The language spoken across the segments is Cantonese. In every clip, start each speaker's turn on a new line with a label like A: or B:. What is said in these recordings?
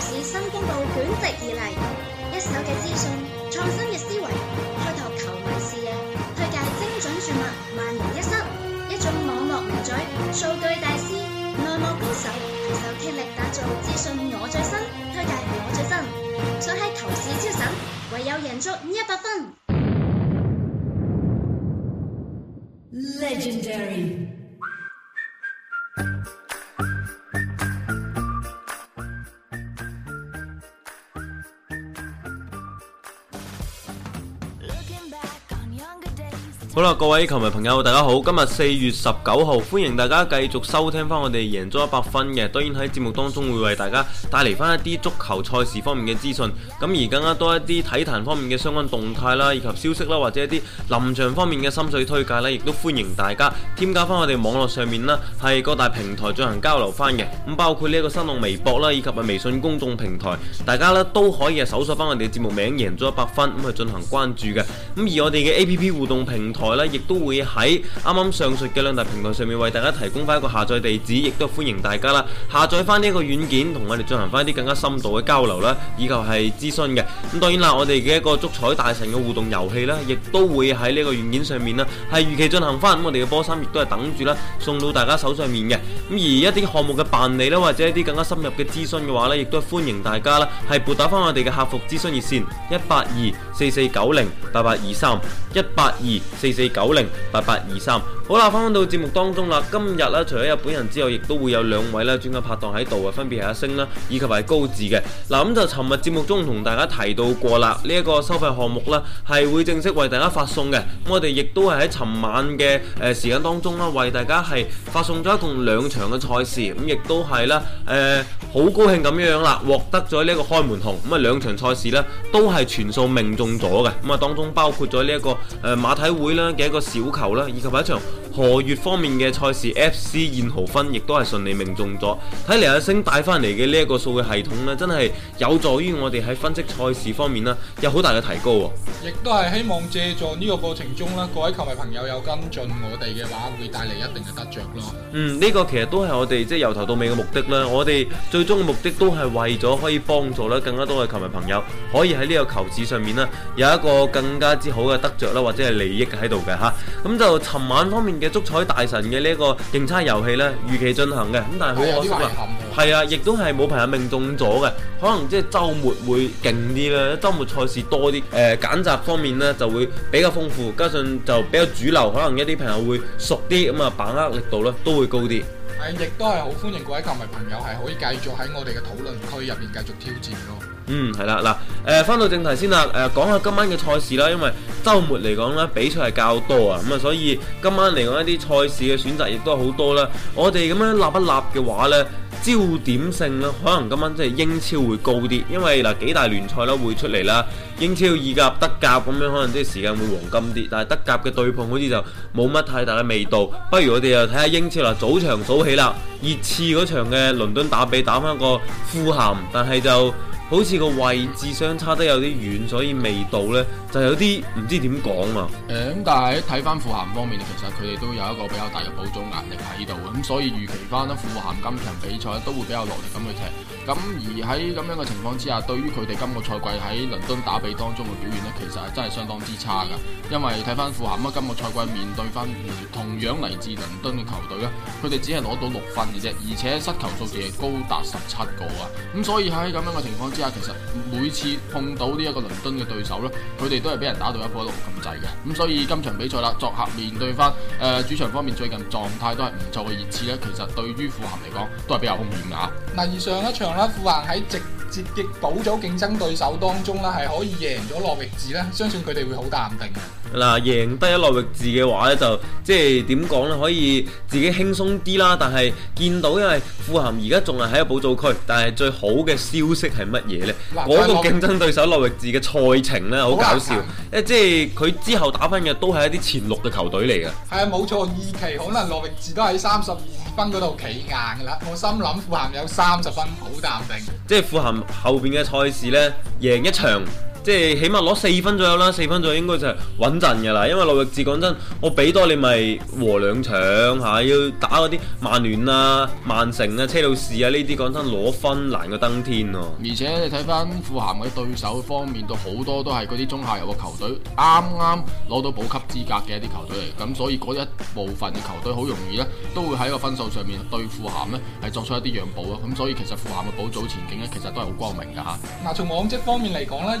A: 市新風暴卷席而嚟，一手嘅資訊，創新嘅思維，開拓球迷視野，推介精準絕密，萬無一失。一種網絡名嘴，數據大師，內幕高手，攜手傾力打造資訊我最新，推介我最新，想喺投市超神，唯有贏足一百分。Legendary。好啦，各位球迷朋友，大家好！今日四月十九號，歡迎大家繼續收聽翻我哋贏足 100FUN 嘅。當然喺節目當中會為大家帶嚟翻一啲足球賽事方面嘅資訊，咁而更加多一啲體壇方面嘅相關動態啦，以及消息啦，或者一啲臨場方面嘅心水推介呢，亦都歡迎大家添加翻我哋網絡上面啦，係各大平台進行交流翻嘅。咁包括呢一個新浪微博啦，以及啊微信公眾平台，大家呢都可以搜索翻我哋節目名贏足 100FUN 咁去進行關注嘅。咁而我哋嘅 A P P 互動平台。台啦，亦都會喺啱啱上述嘅兩大平台上面，為大家提供翻一個下載地址，亦都歡迎大家啦，下載翻呢一個軟件，同我哋進行翻一啲更加深度嘅交流啦，以及係諮詢嘅。咁當然啦，我哋嘅一個足彩大神嘅互動遊戲啦，亦都會喺呢個軟件上面啦，係如期進行翻。咁我哋嘅波衫亦都係等住啦，送到大家手上面嘅。咁而一啲項目嘅辦理啦，或者一啲更加深入嘅諮詢嘅話呢，亦都歡迎大家啦，係撥打翻我哋嘅客服諮詢熱線一八二四四九零八八二三一八二四四九零八八二三，好啦，翻返到節目當中啦。今日咧，除咗本人之外，亦都會有兩位咧，專家拍檔喺度啊，分別係阿星啦，以及係高智嘅。嗱，咁就尋日節目中同大家提到過啦，呢一個收費項目咧，係會正式為大家發送嘅。咁我哋亦都係喺尋晚嘅誒時間當中啦，為大家係發送咗一共兩場嘅賽事。咁亦都係啦誒，好高興咁樣啦，獲得咗呢個開門紅。咁啊，兩場賽事咧，都係全數命中咗嘅。咁啊，當中包括咗呢一個誒馬體會咧，嘅一個小球啦，以及埋一場。何月方面嘅賽事 FC 燕豪芬亦都係順利命中咗，睇嚟阿星帶翻嚟嘅呢一個數據系統咧，真係有助於我哋喺分析賽事方面啦，有好大嘅提高喎、嗯。
B: 亦、這個、都係希望借助呢個過程中咧，各位球迷朋友有跟進我哋嘅
A: 話，會帶嚟一定嘅得着咯。嗯，呢個其實都係我哋即係由頭到尾嘅目的啦。我哋最終嘅目的都係為咗可以幫助咧更加多嘅球迷朋友，可以喺呢個球市上面咧有一個更加之好嘅得着啦，或者係利益喺度嘅吓，咁、嗯這個、就尋、是、晚方面。嘅足彩大神嘅呢個競猜遊戲咧，如期進行嘅，咁但係好可惜，係啊，亦都係冇朋友命中咗嘅，可能即係週末會勁啲啦，週末賽事多啲，誒，揀擇方面咧就會比較豐富，加上就比較主流，可能一啲朋友會熟啲，咁啊，把握力度咧都會高啲。係啊，亦
B: 都係好歡迎各位球迷朋友係可以繼續喺我哋嘅討論區入邊繼續挑戰咯。
A: 嗯，係啦嗱，誒、呃，翻到正題先啦，誒、呃，講下今晚嘅賽事啦。因為周末嚟講咧，比賽係較多啊，咁、嗯、啊，所以今晚嚟講一啲賽事嘅選擇亦都好多啦。我哋咁樣立一立嘅話咧，焦點性啦，可能今晚即係英超會高啲，因為嗱、呃、幾大聯賽啦會出嚟啦，英超、意甲、德甲咁樣，可能即係時間會黃金啲。但係德甲嘅對碰好似就冇乜太大嘅味道，不如我哋又睇下英超啦，早場數起啦，熱刺嗰場嘅倫敦打比打翻個富咸，但係就。好似個位置相差得有啲遠，所以味道咧就有啲唔知點講啊！咁、
C: 嗯，但係睇翻富咸方面，其實佢哋都有一個比較大嘅補足壓力喺度，咁所以預期翻咧富咸今場比賽都會比較努力咁去踢。咁而喺咁樣嘅情況之下，對於佢哋今個賽季喺倫敦打比當中嘅表現呢，其實係真係相當之差噶因為睇翻富咸啦，今個賽季面對翻同樣嚟自倫敦嘅球隊呢，佢哋只係攞到六分嘅啫，而且失球數字係高達十七個啊。咁所以喺咁樣嘅情況之下，其實每次碰到呢一個倫敦嘅對手呢，佢哋都係俾人打到一波六咁滯嘅。咁所以今場比賽啦，作客面對翻誒、呃、主場方面最近狀態都係唔錯嘅熱刺呢，其實對於富咸嚟講都係比較兇險噶嗱，
B: 而上一場富咸喺直接擊倒咗競爭對手當中啦，係可以贏咗洛域治，相信佢哋會好淡定。
A: 嗱，贏得一諾域治嘅話咧，就即係點講咧？可以自己輕鬆啲啦。但係見到因為富咸而家仲係喺一個保組區，但係最好嘅消息係乜嘢咧？嗰啦個競爭對手諾域治嘅賽程咧，好啦搞笑！誒啦，即係佢之後打翻嘅都係一啲前六嘅球隊嚟嘅。
B: 係啊，冇錯，二期可能諾域治都喺三十二分嗰度企硬㗎啦。我心諗富咸有三十分，好淡定。
A: 即係富咸後邊嘅賽事咧，贏一場。即係起碼攞四分左右啦，四分左右應該就係穩陣嘅啦。因為諾域治講真，我俾多你咪和兩場嚇，要打嗰啲曼聯啊、曼城啊、車路士啊呢啲講真攞分難過登天哦，啊。而
C: 且你睇翻富咸嘅對手方面，都好多都係嗰啲中下游嘅球隊，啱啱攞到保級資格嘅一啲球隊嚟，咁所以嗰一部分嘅球隊好容易咧，都會喺個分數上面對富咸呢係作出一啲讓步啊。咁所以其實富咸嘅保組前景呢，其實都係好光明嘅嚇。
B: 嗱，從往績方面嚟講呢。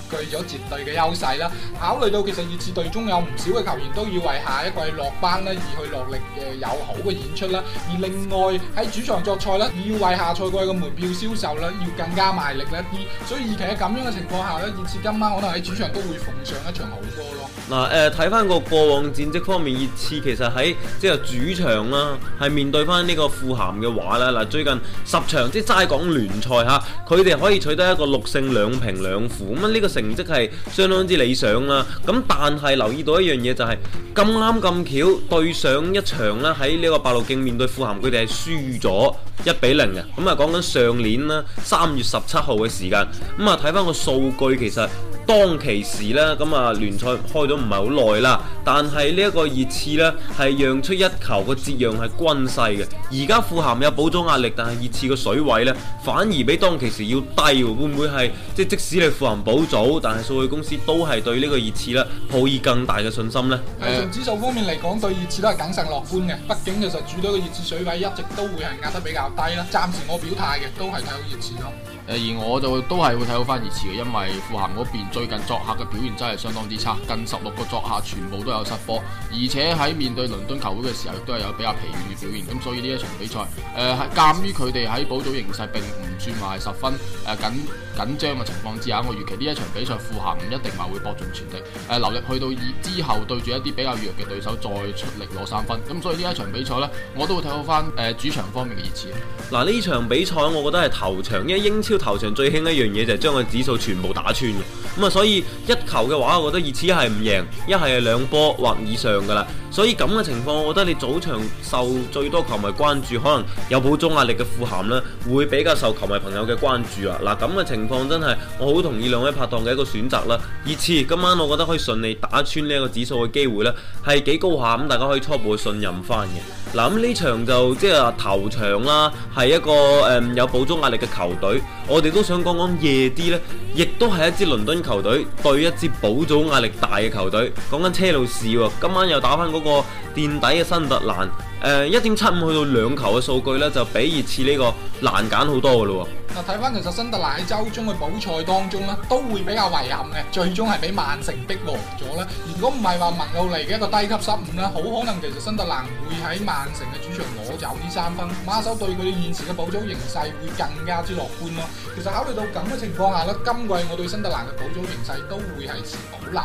B: 具咗絕對嘅優勢啦，考慮到其實熱刺隊中有唔少嘅球員都要為下一季落班咧而去落力嘅有好嘅演出啦，而另外喺主場作賽咧，要為下賽季嘅門票銷售咧要更加賣力一啲，所以而其喺咁樣嘅情況下呢，熱刺今晚可能喺主場都會奉上一場
A: 好波咯。嗱誒、呃，睇翻個過往戰績方面，熱刺其實喺即係主場啦，係面對翻呢個富咸嘅話啦。嗱最近十場即係齋講聯賽嚇，佢哋可以取得一個六勝兩平兩負咁啊呢個。成績係相當之理想啦，咁但係留意到一樣嘢就係咁啱咁巧對上一場啦，喺呢一個白鹿徑面對富咸，佢哋係輸咗一比零嘅。咁啊講緊上年啦，三月十七號嘅時間，咁啊睇翻個數據，其實當其時呢，咁啊聯賽開咗唔係好耐啦，但係呢一個熱刺呢，係讓出一球的讓的，個節讓係均勢嘅。而家富咸有補足壓力，但係熱刺個水位呢，反而比當其時要低，會唔會係即即使你富咸補助。好，但係數據公司都係對呢個熱刺咧抱以更大嘅信心咧。係從
B: 指數方面嚟講，對熱刺都係謹慎樂觀嘅。畢竟其實主隊嘅熱刺水位一直都會係壓得比較低啦。暫時我表態嘅都係睇好熱刺咯。
C: 誒而我就都係會睇好翻熱刺嘅，因為富鹹邊最近作客嘅表現真係相當之差，近十六個作客全部都有失波，而且喺面對倫敦球會嘅時候亦都係有比較疲軟嘅表現，咁所以呢一場比賽誒係鑑於佢哋喺補組形勢並唔算話十分誒緊緊張嘅情況之下，我預期呢一場比賽富鹹唔一定話會搏盡全力，誒、呃、留力去到以之後對住一啲比較弱嘅對手再出力攞三分。咁所以呢一場比賽咧，我都會睇好翻誒、呃、主場方面嘅熱刺。
A: 嗱，呢場比賽我覺得係頭場一英。挑頭場最輕一樣嘢就係將個指數全部打穿。咁啊，所以一球嘅話，我覺得熱刺一係唔贏，一係係兩波或以上噶啦。所以咁嘅情況，我覺得你早場受最多球迷關注，可能有保中壓力嘅富咸咧，會比較受球迷朋友嘅關注啊！嗱，咁嘅情況真係我好同意兩位拍檔嘅一個選擇啦。其次，今晚我覺得可以順利打穿呢一個指數嘅機會咧，係幾高下咁，大家可以初步信任翻嘅。嗱，咁呢場就即係話頭場啦，係一個誒、嗯、有保中壓力嘅球隊，我哋都想講講夜啲咧，亦都係一支倫敦球隊對一支保中壓力大嘅球隊講緊車路士喎，今晚又打翻嗰個墊底嘅新特蘭，誒、一點七五去到兩球嘅數據咧，就比熱刺呢個難揀好多嘅咯
B: 喎。嗱，睇翻其實新特蘭喺週中嘅補賽當中咧，都會比較遺憾嘅，最終係俾曼城逼和咗咧。如果唔係話麥奧利嘅一個低級失誤咧，好可能其實新特蘭會喺曼城嘅主場攞走呢三分。馬手對佢現時嘅保組形勢會更加之樂觀咯。其實考慮到咁嘅情況下咧，今季我對新特蘭嘅保組形勢都會係持保留。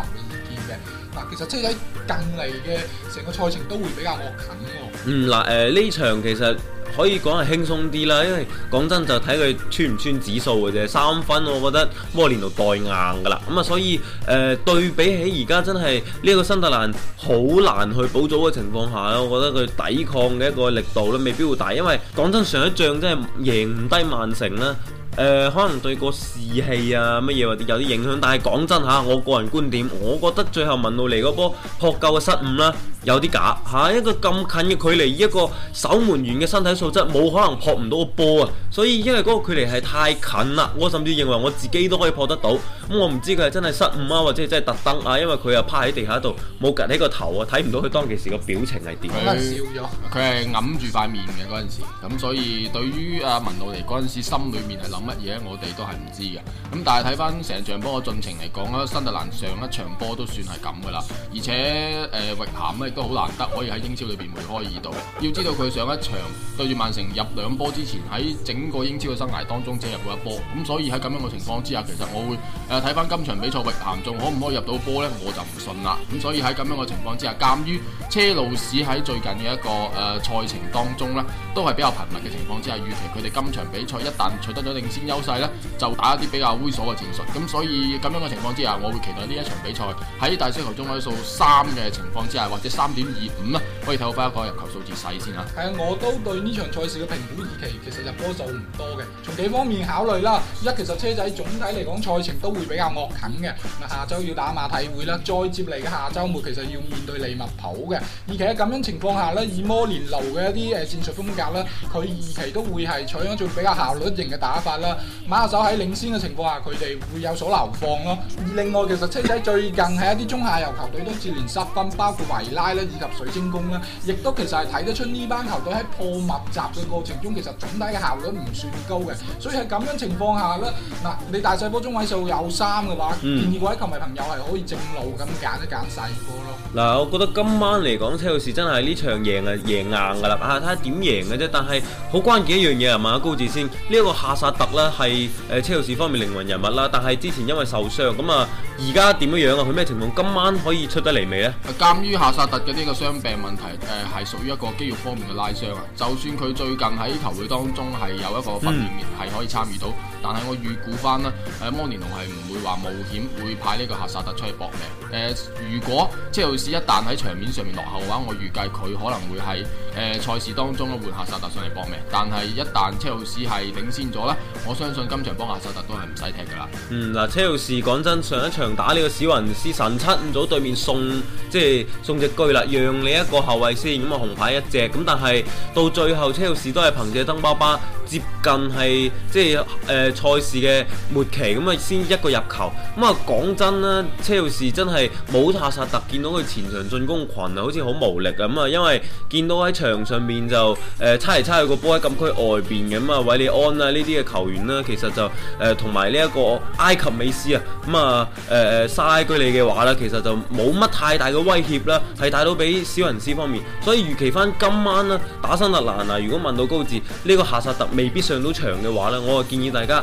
B: 嗱，其實即係喺近嚟
A: 嘅成個賽程都會比較惡近喎。嗯，嗱、呃，誒呢場其實可以講係輕鬆啲啦，因為講真就睇佢穿唔穿指數嘅啫，三分我覺得摩連奴代硬㗎喇。咁、嗯、啊，所以誒、呃、對比起而家真係呢、這個新特蘭好難去補組嘅情況下咧，我覺得佢抵抗嘅一個力度咧，未必會大。因為講真上一仗真係贏唔低曼城啦。誒、呃，可能對個士氣啊，乜嘢或者有啲影響，但係講真下，我個人觀點，我覺得最後文路尼嗰波撲救嘅失誤啦、啊。有啲假嚇、啊，一個咁近嘅距離，一個守門員嘅身體素質，冇可能撲唔到個波啊！所以因為嗰個距離係太近啦，我甚至認為我自己都可以撲得到。咁、嗯、我唔知佢係真係失誤啊，或者真係特登啊，因為佢又趴喺地下度，冇趷起個頭啊，睇唔到佢當其時個表情係點。佢笑佢係揞住塊面嘅嗰陣時，咁所以對於
C: 阿、啊、文路尼嗰陣時心裏面係諗乜嘢，我哋都係唔知嘅。咁但係睇翻成場波嘅進程嚟講啦，新特蘭上一場波都算係咁噶啦，而且誒域鹹咧。呃都好難得可以喺英超裏面梅開二度。要知道佢上一場對住曼城入兩波之前，喺整個英超嘅生涯當中只入過一波。咁所以喺咁樣嘅情況之下，其實我會誒睇翻今場比賽域咸仲可唔可以入到波呢？我就唔信啦。咁所以喺咁樣嘅情況之下，鑑於車路士喺最近嘅一個誒賽、呃、程當中呢，都係比較頻密嘅情況之下，預期佢哋今場比賽一旦取得咗領先優勢呢，就打一啲比較猥瑣嘅戰術。咁所以咁樣嘅情況之下，我會期待呢一場比賽喺大細球中位數三嘅情況之下，或者三。三點二五啦，可以睇到翻一個入球數字細先啦。係
B: 啊，我都對呢場賽事嘅評估預期其實入波數唔多嘅。從幾方面考慮啦，一其實車仔總體嚟講賽程都會比較惡啃嘅。咁啊，下週要打馬體會啦，再接嚟嘅下週末其實要面對利物浦嘅。而喺咁樣情況下咧，以摩連奴嘅一啲誒戰術風格咧，佢二期都會係採用一種比較效率型嘅打法啦。馬拉手喺領先嘅情況下，佢哋會有所流放咯。而另外其實車仔最近喺一啲中下游球隊都接連失分，包括維拉啦，以及水晶宮啦，亦都其實係睇得出呢班球隊喺破密集嘅過程中，其實總體嘅效率唔算高嘅，所以係咁樣情況下咧，嗱，你大細波中位數有三嘅話，建議各位球迷朋友係可以正路咁揀一揀細波咯。
A: 嗱，我覺得今晚嚟講，車路士真係呢場贏啊贏硬噶啦吓，睇下點贏嘅啫。但係好關鍵一樣嘢係嘛，高志先呢一個夏薩特啦，係誒車路士方面靈魂人物啦，但係之前因為受傷咁啊。而家點樣樣啊？佢咩情況？今晚可以出得嚟未咧？
C: 誒，鑑於夏薩特嘅呢個傷病問題，誒、呃，係屬於一個肌肉方面嘅拉傷啊。就算佢最近喺球會當中係有一個訓練，係、嗯、可以參與到。但係我預估翻啦，誒摩連奴係唔會話冒險會派呢個夏薩特出去搏命。誒、呃，如果車路士一旦喺場面上面落後嘅話，我預計佢可能會係誒、呃、賽事當中咧換夏薩特上嚟搏命。但係一旦車路士係領先咗咧，我相信今場幫夏薩特都係唔使踢噶啦。
A: 嗯，嗱，車路士講真，上一場打呢個史雲斯神七五組對面送，即係送隻車啦，讓你一個後衞先，咁啊紅牌一隻。咁但係到最後車路士都係憑藉登巴巴接近係即係誒。呃賽事嘅末期咁啊、嗯，先一個入球咁啊！講、嗯、真啦，車路士真係冇夏薩特，見到佢前場進攻群啊，好似好無力咁啊、嗯！因為見到喺場上面就誒、呃、差嚟差去個波喺禁區外邊嘅咁啊，韋、嗯、利安啊呢啲嘅球員啦，其實就誒同埋呢一個埃及美斯啊咁啊，誒沙拉居里嘅話啦，其實就冇乜太大嘅威脅啦，係帶到俾小人師方面。所以預期翻今晚啦，打新特蘭啊！如果問到高志呢、呢個夏薩特未必上到場嘅話呢，我就建議大家。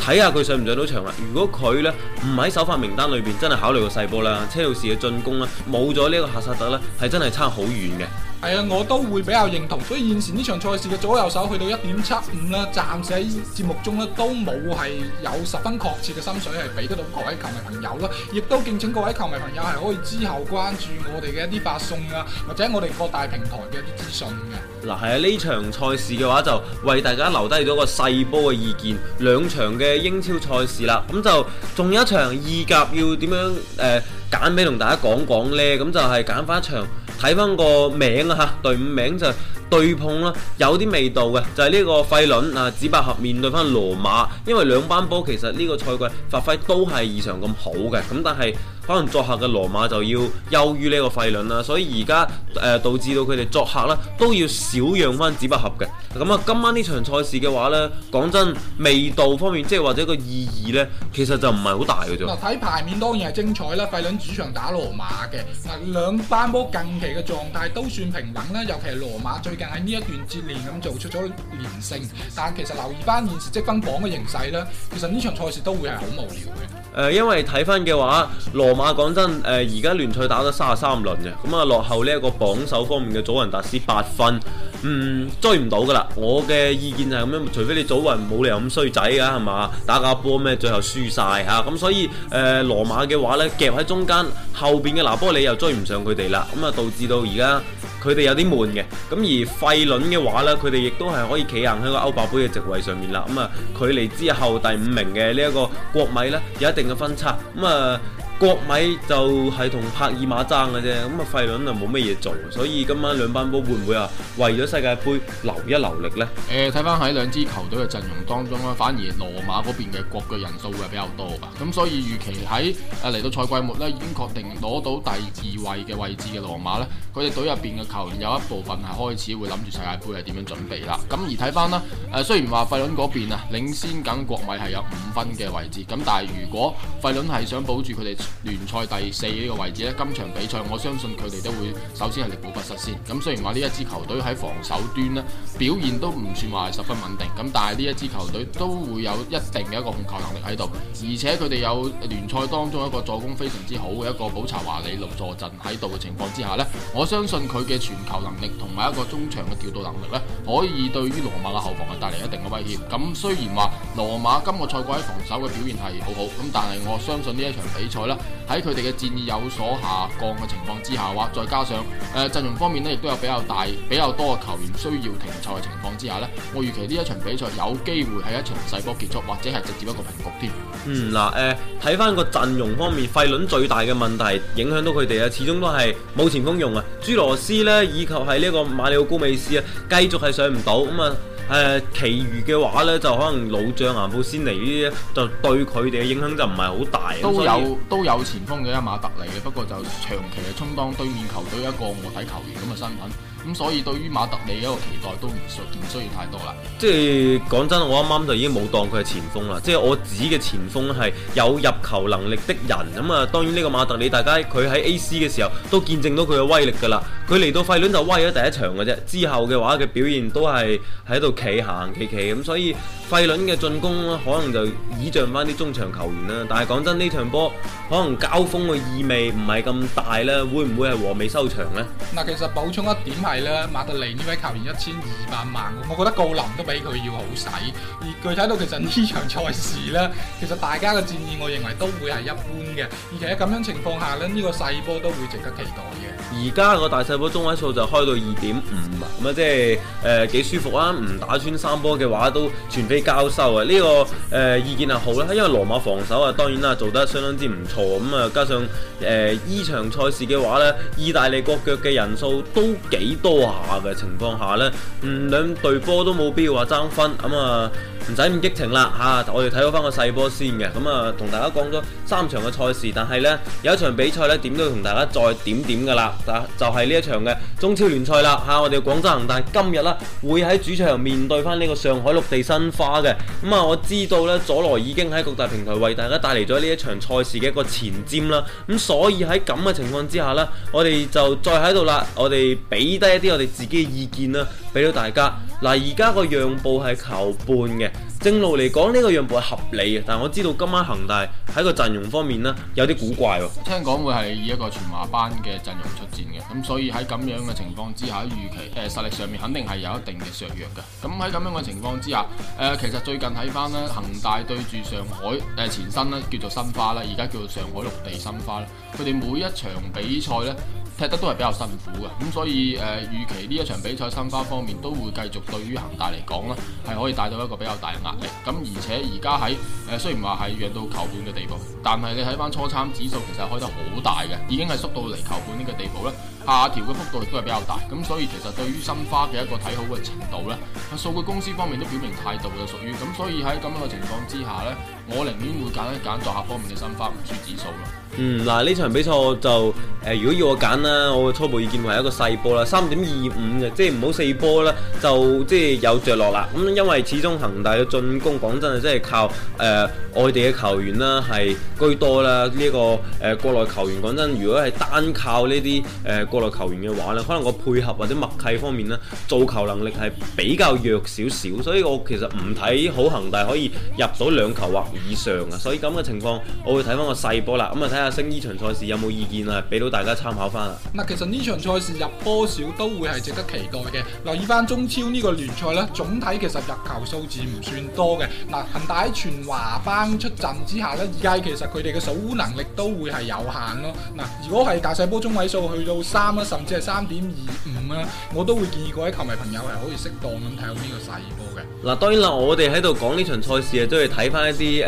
A: 睇下佢上唔上到場啦。如果佢咧唔喺首發名單裏邊，真係考慮個細波啦。車路士嘅進攻咧，冇咗呢個個哈薩特咧，係真係差好遠嘅。
B: 係啊，我都會比較認同。所以現時呢場賽事嘅左右手去到一點七五啦，暫時喺節目中咧都冇係有，有十分確切嘅心水係俾得到各位球迷朋友啦。亦都敬請各位球迷朋友係可以之後關注我哋嘅一啲發送啊，或者我哋各大平台嘅一啲資訊嘅。
A: 嗱係啊，呢場賽事嘅話就為大家留低咗個細波嘅意見，兩場嘅。嘅英超賽事啦，咁就仲有一場意甲，要點樣誒揀俾同大家講講呢？咁就係揀翻一場睇翻個名啊吓，隊伍名就對碰啦，有啲味道嘅，就係、是、呢個費倫啊，紫百合面對翻羅馬，因為兩班波其實呢個賽季發揮都係異常咁好嘅，咁但係。可能作客嘅羅馬就要優於呢個費倫啦，所以而家誒導致到佢哋作客啦都要少讓翻紙筆盒嘅。咁啊，今晚呢場賽事嘅話咧，講真味道方面，即係或者個意義咧，其實就唔係好大嘅啫。嗱，
B: 睇牌面當然係精彩啦，費倫主場打羅馬嘅嗱，兩班波近期嘅狀態都算平等啦，尤其係羅馬最近喺呢一段節連咁做出咗連勝，但其實留意翻現時積分榜嘅形勢咧，其實呢場賽事都會係好無聊嘅。
A: 誒、呃，因為睇返嘅話，羅馬講真，誒而家聯賽打咗三十三輪嘅，咁啊落後呢一個榜首方面嘅祖雲達斯八分。嗯，追唔到噶啦。我嘅意見就係咁樣，除非你祖雲冇理由咁衰仔噶係嘛，打假波咩，最後輸晒吓咁，所以誒羅馬嘅話呢，夾喺中間後邊嘅嗱波里又追唔上佢哋啦，咁啊導致到而家佢哋有啲悶嘅，咁而費倫嘅話呢，佢哋亦都係可以企硬喺個歐霸盃嘅席位上面啦，咁啊距離之後第五名嘅呢一個國米呢，有一定嘅分差咁啊。國米就係同帕爾馬爭嘅啫，咁啊費倫啊冇乜嘢做，所以今晚兩班波會唔會啊為咗世界盃留一留力呢？睇翻喺兩支球隊
C: 嘅陣容當中啦，反而羅馬嗰邊嘅國腳人數會比較多嘅，咁所以預期喺嚟到賽季末咧已經確定攞到第二位嘅位置嘅羅馬呢，佢哋隊入面嘅球員有一部分係開始會諗住世界盃係點樣準備啦。咁而睇翻啦，誒、呃、雖然話費倫嗰邊啊領先緊國米係有五分嘅位置，咁但係如果費倫係想保住佢哋，聯賽第四呢個位置呢，今場比賽我相信佢哋都會首先係力保不失先。咁雖然話呢一支球隊喺防守端呢表現都唔算話係十分穩定，咁但係呢一支球隊都會有一定嘅一個控球能力喺度，而且佢哋有聯賽當中一個助攻非常之好嘅一個保查華里路坐鎮喺度嘅情況之下呢，我相信佢嘅傳球能力同埋一個中場嘅調度能力呢，可以對於羅馬嘅後防係帶嚟一定嘅威脅。咁雖然話羅馬今個賽季喺防守嘅表現係好好，咁但係我相信呢一場比賽呢喺佢哋嘅戰意有所下降嘅情況之下話，話再加上誒陣、呃、容方面呢，亦都有比較大比較多嘅球員需要停賽嘅情況之下呢，我預期呢一場比賽有機會係一場細波結束，或者係直接一個平局
A: 添。嗯，嗱、呃、誒，睇翻個陣容方面，費倫最大嘅問題影響到佢哋啊，始終都係冇前鋒用啊，朱羅斯呢，以及係呢個馬里奧高美斯啊，繼續係上唔到咁啊。誒、呃，其餘嘅話咧，就可能老將啊，好先尼呢啲就對佢哋嘅影響就唔係好大。都有
C: 都有前鋒嘅一馬特嚟嘅，不過就長期係充當對面球隊一個卧底球員咁嘅身份。咁所以對於馬特里一個期待都唔需唔需要太多啦。
A: 即係講真，我啱啱就已經冇當佢係前鋒啦。即係我指嘅前鋒咧係有入球能力的人。咁、嗯、啊，當然呢個馬特里大家佢喺 A.C. 嘅時候都見證到佢嘅威力㗎啦。佢嚟到費倫就威咗第一場嘅啫，之後嘅話佢表現都係喺度企行企企咁，所以費倫嘅進攻可能就倚仗翻啲中場球員啦。但係講真，呢場波可能交鋒嘅意味唔係咁大咧，會唔會係和美收場呢？
B: 嗱，其實補充一點係。馬特里呢位球員一千二百萬，我覺得郜林都比佢要好使。而具體到其實呢場賽事呢其實大家嘅戰意我認為都會係一般嘅。而且喺咁樣情況下呢、這個細波都會值得期待嘅。
A: 而家個大細波中位數就開到二點五啊，咁啊即係誒幾舒服啊。唔打穿三波嘅話都全非交收啊。啊、這、呢個誒、呃、意見係好啦、啊，因為羅馬防守啊當然啦、啊、做得相當之唔錯咁啊，加上誒呢、呃、場賽事嘅話呢意大利國腳嘅人數都幾。多下嘅情況下咧，嗯，兩隊波都冇必要話爭分咁啊。唔使咁激情啦、啊、我哋睇到翻個細波先嘅。咁啊，同大家講咗三場嘅賽事，但係呢，有一場比賽呢，點都要同大家再點點噶啦、啊，就係、是、呢一場嘅中超聯賽啦。我哋廣州恒大今日啦會喺主場面對翻呢個上海綠地申花嘅。咁啊，我知道呢，佐羅已經喺各大平台為大家帶嚟咗呢一場賽事嘅一個前瞻啦。咁、啊、所以喺咁嘅情況之下呢，我哋就再喺度啦，我哋俾低一啲我哋自己嘅意見啦。俾到大家嗱，而家個讓步係球半嘅，正路嚟講呢個讓步係合理嘅，但係我知道今晚恒大喺個陣容方面呢，有啲古怪喎，
C: 聽講會係以一個全華班嘅陣容出戰嘅，咁所以喺咁樣嘅情況之下，預期誒、呃、實力上面肯定係有一定嘅削弱嘅。咁喺咁樣嘅情況之下，誒、呃、其實最近睇翻呢，恒大對住上海誒、呃、前身呢叫做申花啦，而家叫做上海綠地申花啦，佢哋每一場比賽呢。踢得都係比較辛苦嘅，咁所以誒、呃、預期呢一場比賽申花方面都會繼續對於恒大嚟講咧，係可以帶到一個比較大嘅壓力。咁而且而家喺誒雖然話係讓到球半嘅地步，但係你睇翻初參指數其實開得好大嘅，已經係縮到嚟球半呢個地步啦。下調嘅幅度亦都係比較大，咁所以其實對於申花嘅一個睇好嘅程度咧，喺數據公司方面都表明態度嘅屬於咁，所以喺咁樣嘅情況之下咧。我寧願會揀一揀作客方面嘅申花唔輸指數咯。
A: 嗯，嗱呢場比賽我就誒、呃，如果要我揀啦，我初步意見係一個細波啦，三點二五嘅，即係唔好四波啦，就即係、就是、有着落啦。咁、嗯、因為始終恒大嘅進攻，講真啊，真、就、係、是、靠誒、呃、外地嘅球員啦係居多啦。呢、這個誒、呃、國內球員講真，如果係單靠呢啲誒國內球員嘅話咧，可能個配合或者默契方面咧，造球能力係比較弱少少，所以我其實唔睇好恒大可以入到兩球或以上啊，所以咁嘅情況，我會睇翻個細波啦。咁啊，睇下升呢場賽事有冇意見啊，俾到大家參考翻啊。
B: 嗱，其實呢場賽事入波少都會係值得期待嘅。留意翻中超呢個聯賽呢，總體其實入球數字唔算多嘅。嗱，恒大喺全華班出陣之下呢，而家其實佢哋嘅守護能力都會係有限咯。嗱，如果係大細波中位數去到三啊，甚至係三點二五啊，我都會建議各位球迷朋友係可以適當咁睇到呢個細波嘅。
A: 嗱，當然啦，我哋喺度講呢場賽事啊，都要睇翻一啲。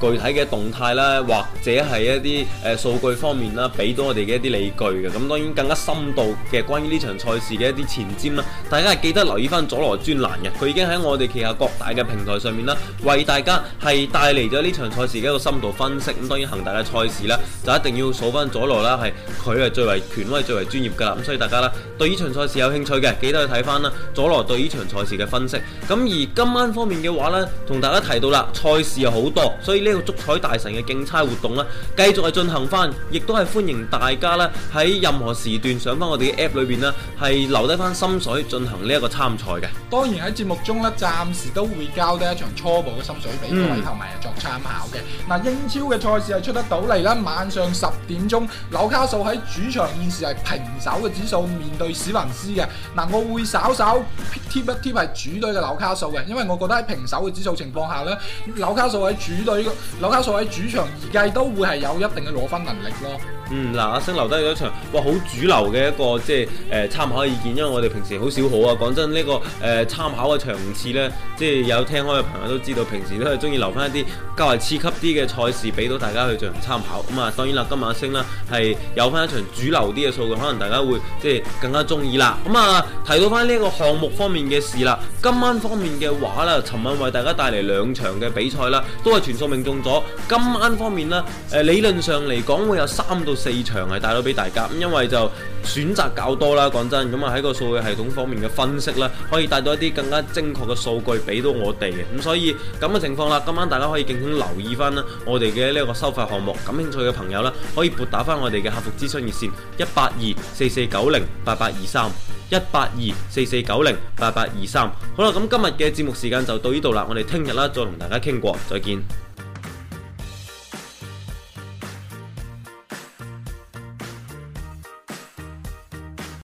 A: 具體嘅動態啦，或者係一啲誒、呃、數據方面啦，俾到我哋嘅一啲理據嘅。咁當然更加深度嘅關於呢場賽事嘅一啲前瞻啦，大家係記得留意翻佐羅專欄嘅，佢已經喺我哋旗下各大嘅平台上面啦，為大家係帶嚟咗呢場賽事嘅一個深度分析。咁當然恒大嘅賽事啦，就一定要數翻佐羅啦，係佢係最為權威、最為專業㗎啦。咁所以大家咧對呢場賽事有興趣嘅，記得去睇翻啦，佐羅對呢場賽事嘅分析。咁而今晚方面嘅話咧，同大家提到啦，賽事又好多，所以呢。呢個足彩大神嘅競猜活動咧，繼續係進行翻，亦都係歡迎大家咧喺任何時段上翻我哋嘅 App 裏邊啦，係留低翻心水進行呢一個參賽嘅。
B: 當然喺節目中咧，暫時都會交低一場初步嘅心水畀各位球迷作參考嘅。嗱，英超嘅賽事係出得到嚟啦，晚上十點鐘，紐卡素喺主場現時係平手嘅指數面對史雲斯嘅。嗱，我會稍稍 tip 一 tip 係主隊嘅紐卡素嘅，因為我覺得喺平手嘅指數情況下咧，紐卡素喺主隊嘅。紐卡素在主場，預計都會係有一定嘅攞分能力。
A: 嗯，嗱、啊，阿星留低咗場，哇，好主流嘅一個即係誒、呃、參考意見，因為我哋平時好少好啊。講真，呢、這個誒、呃、參考嘅場次呢，即係有聽開嘅朋友都知道，平時都係中意留翻一啲較為次級啲嘅賽事俾到大家去進行參考。咁、嗯、啊，當然啦，今晚阿、啊、星啦係有翻一場主流啲嘅數據，可能大家會即係更加中意啦。咁、嗯、啊，提到翻呢一個項目方面嘅事啦，今晚方面嘅話咧，尋晚為大家帶嚟兩場嘅比賽啦，都係全數命中咗。今晚方面呢，誒、呃、理論上嚟講會有三到四場係帶到俾大家咁，因為就選擇較多啦，講真咁啊喺個數據系統方面嘅分析啦，可以帶到一啲更加精確嘅數據俾到我哋嘅咁，所以咁嘅情況啦，今晚大家可以敬請留意翻啦，我哋嘅呢個收費項目，感興趣嘅朋友呢，可以撥打翻我哋嘅客服諮詢熱線一八二四四九零八八二三一八二四四九零八八二三，好啦，咁今日嘅節目時間就到呢度啦，我哋聽日啦再同大家傾過，再見。